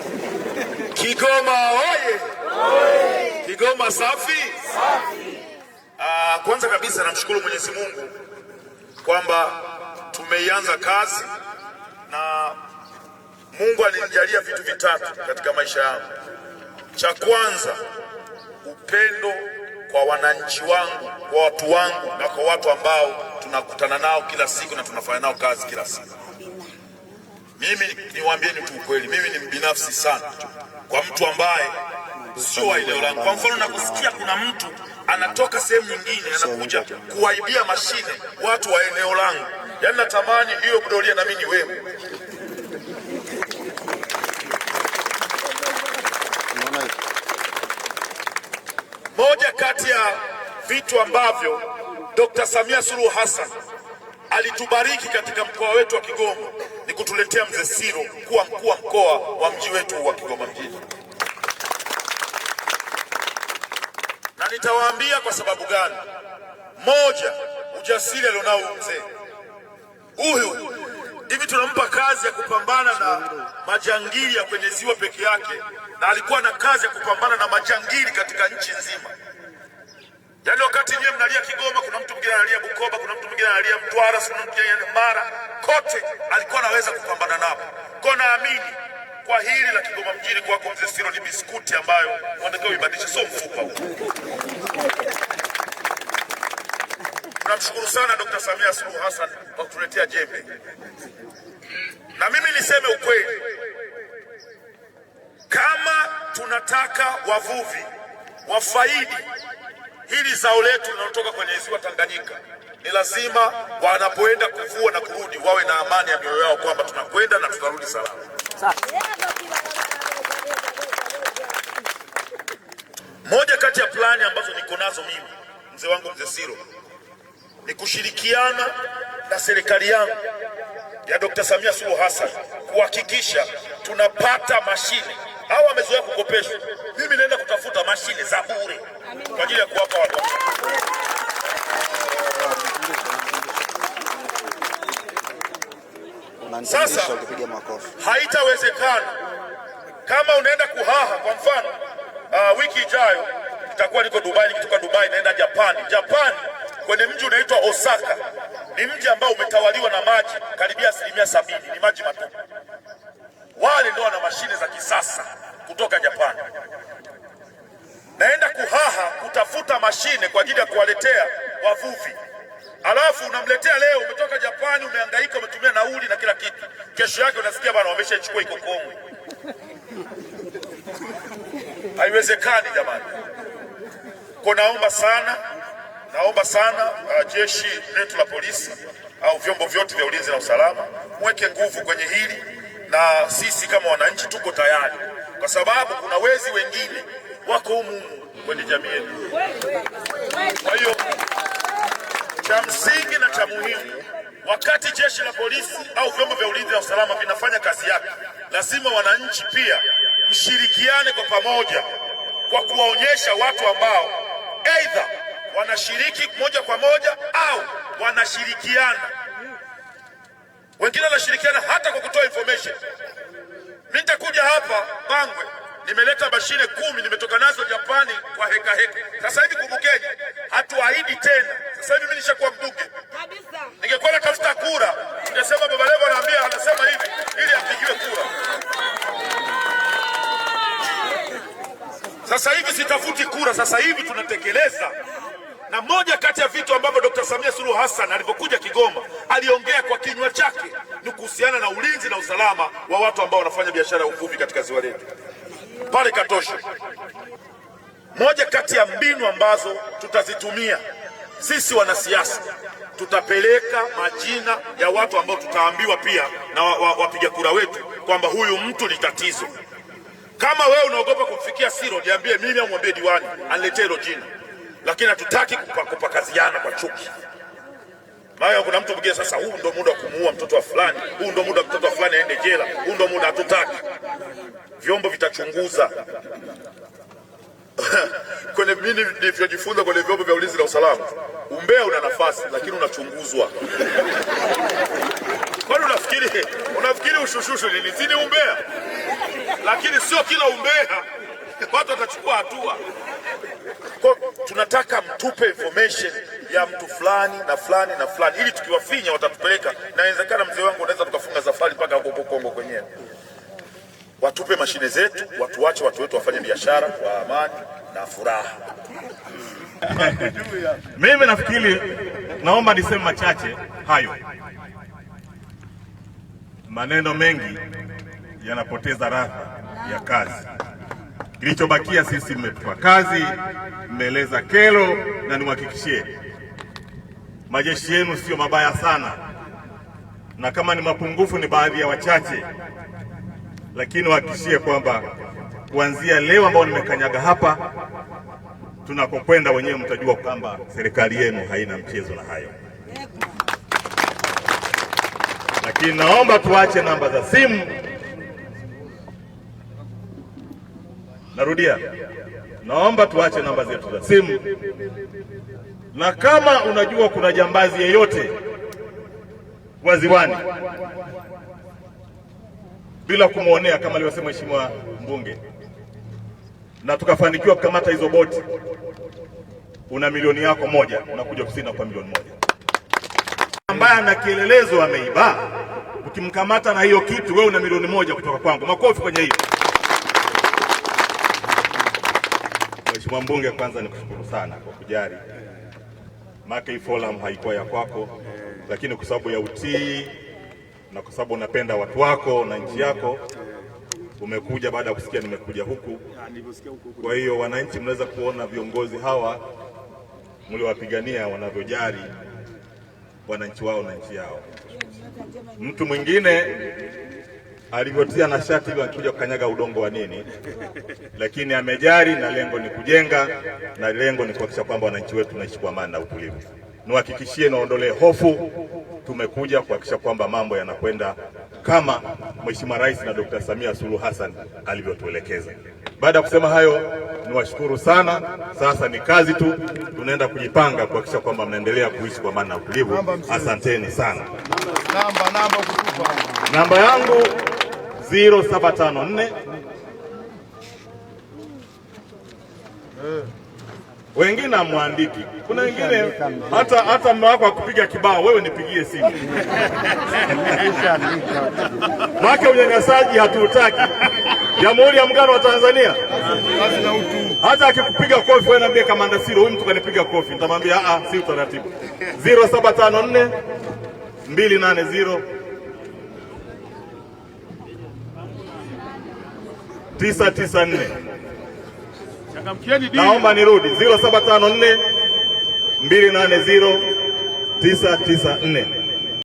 Kigoma oye! Kigoma safi, Aa, ah, kwanza kabisa namshukuru Mwenyezi Mungu kwamba tumeianza kazi na Mungu alinijalia vitu vitatu katika maisha yangu. Cha kwanza upendo kwa wananchi wangu, kwa watu wangu na kwa watu ambao tunakutana nao kila siku na tunafanya nao kazi kila siku. Mimi niwaambieni tu ukweli, mimi ni mbinafsi sana kwa mtu ambaye sio wa eneo langu. Kwa mfano, nakusikia kuna mtu anatoka sehemu nyingine anakuja kuwaibia mashine watu wa eneo langu, yaani natamani hiyo kudolia na mimi wewe. Moja kati ya vitu ambavyo Dr. Samia Suluhu Hassan alitubariki katika mkoa wetu wa Kigoma ni kutuletea mzee Siro kuwa mkuu wa mkoa wa mji wetu wa Kigoma mjini. Na nitawaambia kwa sababu gani. Moja, ujasiri alionao mzee huyu hivi tunampa kazi ya kupambana na majangili ya kwenye ziwa peke yake, na alikuwa na kazi ya kupambana na majangili katika nchi nzima. Yaani wakati nyie mnalia Kigoma, kuna mtu mwingine analia Bukoba, kuna mtu mwingine analia Mtwara, kuna mtu mwingine Mara, kote alikuwa anaweza kupambana nao. Kwa naamini kwa hili la Kigoma mjini kwako mzee Siro ni biskuti ambayo wanatakiwa ibadilishe, sio mfupa huu. Tunamshukuru sana Dr. Samia Suluhu Hassan kwa kutuletea jembe, na mimi niseme ukweli, kama tunataka wavuvi wafaidi hili zao letu linalotoka kwenye ziwa Tanganyika ni lazima wanapoenda kuvua na kurudi wawe na amani ya mioyo yao kwamba tunakwenda na tutarudi salama. Moja kati ya plani ambazo niko nazo mimi mzee wangu mzee Siro ni kushirikiana na serikali yangu ya Dr. Samia Suluhu Hassan kuhakikisha tunapata mashine. au wamezoea kukopeshwa, mimi naenda mashine za bure kwa ajili ya kuwapa watoto. Sasa haitawezekana kama unaenda kuhaha. Kwa mfano, uh, wiki ijayo nitakuwa niko Dubai, nikitoka Dubai naenda Japani. Japani kwenye mji unaitwa Osaka, ni mji ambao umetawaliwa na maji karibia asilimia sabini ni maji matupu. Wale ndio wana mashine za kisasa kutoka Japani unatafuta mashine kwa ajili ya kuwaletea wavuvi, alafu unamletea leo, umetoka Japani, umehangaika, umetumia nauli na kila kitu, kesho yake unasikia bana, wameshachukua iko Kongwe. Haiwezekani jamani, ko naomba sana, naomba sana uh, jeshi letu la polisi au vyombo vyote vya ulinzi na usalama mweke nguvu kwenye hili, na sisi kama wananchi tuko tayari, kwa sababu kuna wezi wengine wako humu kwenye jamii yetu. Kwa hiyo cha msingi na cha muhimu, wakati jeshi la polisi au vyombo vya ulinzi na usalama vinafanya kazi yake, lazima wananchi pia mshirikiane kwa pamoja, kwa kuwaonyesha watu ambao aidha wanashiriki moja kwa moja au wanashirikiana. Wengine wanashirikiana hata kwa kutoa information. Mimi nitakuja hapa Bangwe nimeleta mashine kumi nimetoka nazo Japani kwa heka heka. Sasa hivi kumbukeni, hatuahidi tena. Sasa hivi mimi nishakuwa mduke kabisa. Ningekuwa natafuta kura, ningesema Baba Levo anaambia anasema hivi ili apigiwe kura. Sasa hivi sitafuti kura, sasa hivi tunatekeleza na moja kati ya vitu ambavyo Dr. Samia Suluhu Hassan alipokuja Kigoma aliongea kwa kinywa chake ni kuhusiana na ulinzi na usalama wa watu ambao wanafanya biashara ya uvuvi katika ziwa letu pale Katosha. Moja kati ya mbinu ambazo tutazitumia sisi wanasiasa, tutapeleka majina ya watu ambao tutaambiwa pia na wapiga wa, wa kura wetu kwamba huyu mtu ni tatizo. Kama wewe unaogopa kumfikia Siro, niambie mimi au mwambie diwani aniletee hilo jina, lakini hatutaki kupakaziana kupa kwa chuki maana kuna mtu mwingine sasa, huu ndio muda wa kumuua mtoto wa fulani, huu ndio muda mtoto wa fulani aende jela, huu ndio muda hatutaki. Vyombo vitachunguza kwenye mimi nilivyojifunza kwenye vyombo vya ulinzi na usalama, umbea una nafasi, lakini unachunguzwa kwani unafikiri unafikiri ushushushu nilizidi umbea? Lakini sio kila umbea watu watachukua hatua. Kwa tunataka mtupe information ya mtu fulani na fulani na fulani, ili tukiwafinya watatupeleka, na inawezekana mzee wangu, unaweza tukafunga safari mpaka huko Kongo kwenyewe. Watupe mashine zetu, watuache watu wetu wafanye biashara kwa amani na furaha. Mimi nafikiri, naomba niseme machache hayo. Maneno mengi yanapoteza raha ya kazi. Kilichobakia sisi, mmetupa kazi, mmeeleza kero, na niwahakikishie Majeshi yenu sio mabaya sana, na kama ni mapungufu ni baadhi ya wachache, lakini wahakikishie kwamba kuanzia leo ambao nimekanyaga hapa tunakokwenda wenyewe mtajua kwamba serikali yenu haina mchezo na hayo. Lakini naomba tuache namba za simu. Narudia, naomba tuache namba zetu za simu na kama unajua kuna jambazi yeyote waziwani bila kumwonea, kama alivyosema mheshimiwa mbunge, na tukafanikiwa kukamata hizo boti, una milioni yako moja, unakuja ofisini na kwa milioni moja. Ambaye ana kielelezo ameiba, ukimkamata na hiyo kitu, wewe una milioni moja kutoka kwangu. Makofi kwenye hiyo. Mheshimiwa mbunge, kwanza nikushukuru sana kwa kujali maana hii forum haikuwa ya kwako, lakini kwa sababu ya utii na kwa sababu unapenda watu wako na nchi yako umekuja baada ya kusikia nimekuja huku. Kwa hiyo wananchi, mnaweza kuona viongozi hawa mliowapigania wanavyojali wananchi wao na nchi yao. Mtu mwingine alivyotia na shati hilo akija kukanyaga udongo wa nini, lakini amejali na lengo ni kujenga na lengo ni kuhakikisha kwamba wananchi wetu tunaishi kwa amani na utulivu. Niwahakikishie, niwaondolee hofu, tumekuja kuhakikisha kwamba mambo yanakwenda kama Mheshimiwa Rais na Dr. Samia Suluhu Hassan alivyotuelekeza. Baada ya kusema hayo, niwashukuru sana. Sasa ni kazi tu, tunaenda kujipanga kuhakikisha kwamba mnaendelea kuishi kwa amani na utulivu. Asanteni sana. Namba yangu 0754 wengine amwandiki Kuna wengine hata hata mume wako akupiga kibao, wewe nipigie simu make unyanyasaji hatuutaki. Jamhuri ya Muungano wa Tanzania, hata akikupiga kofi wewe niambie, Kamanda Siro, huyu mtu kanipiga kofi, nitamwambia a, ah, ah, si utaratibu. 0754 280 994. Naomba nirudi 0754 280 994.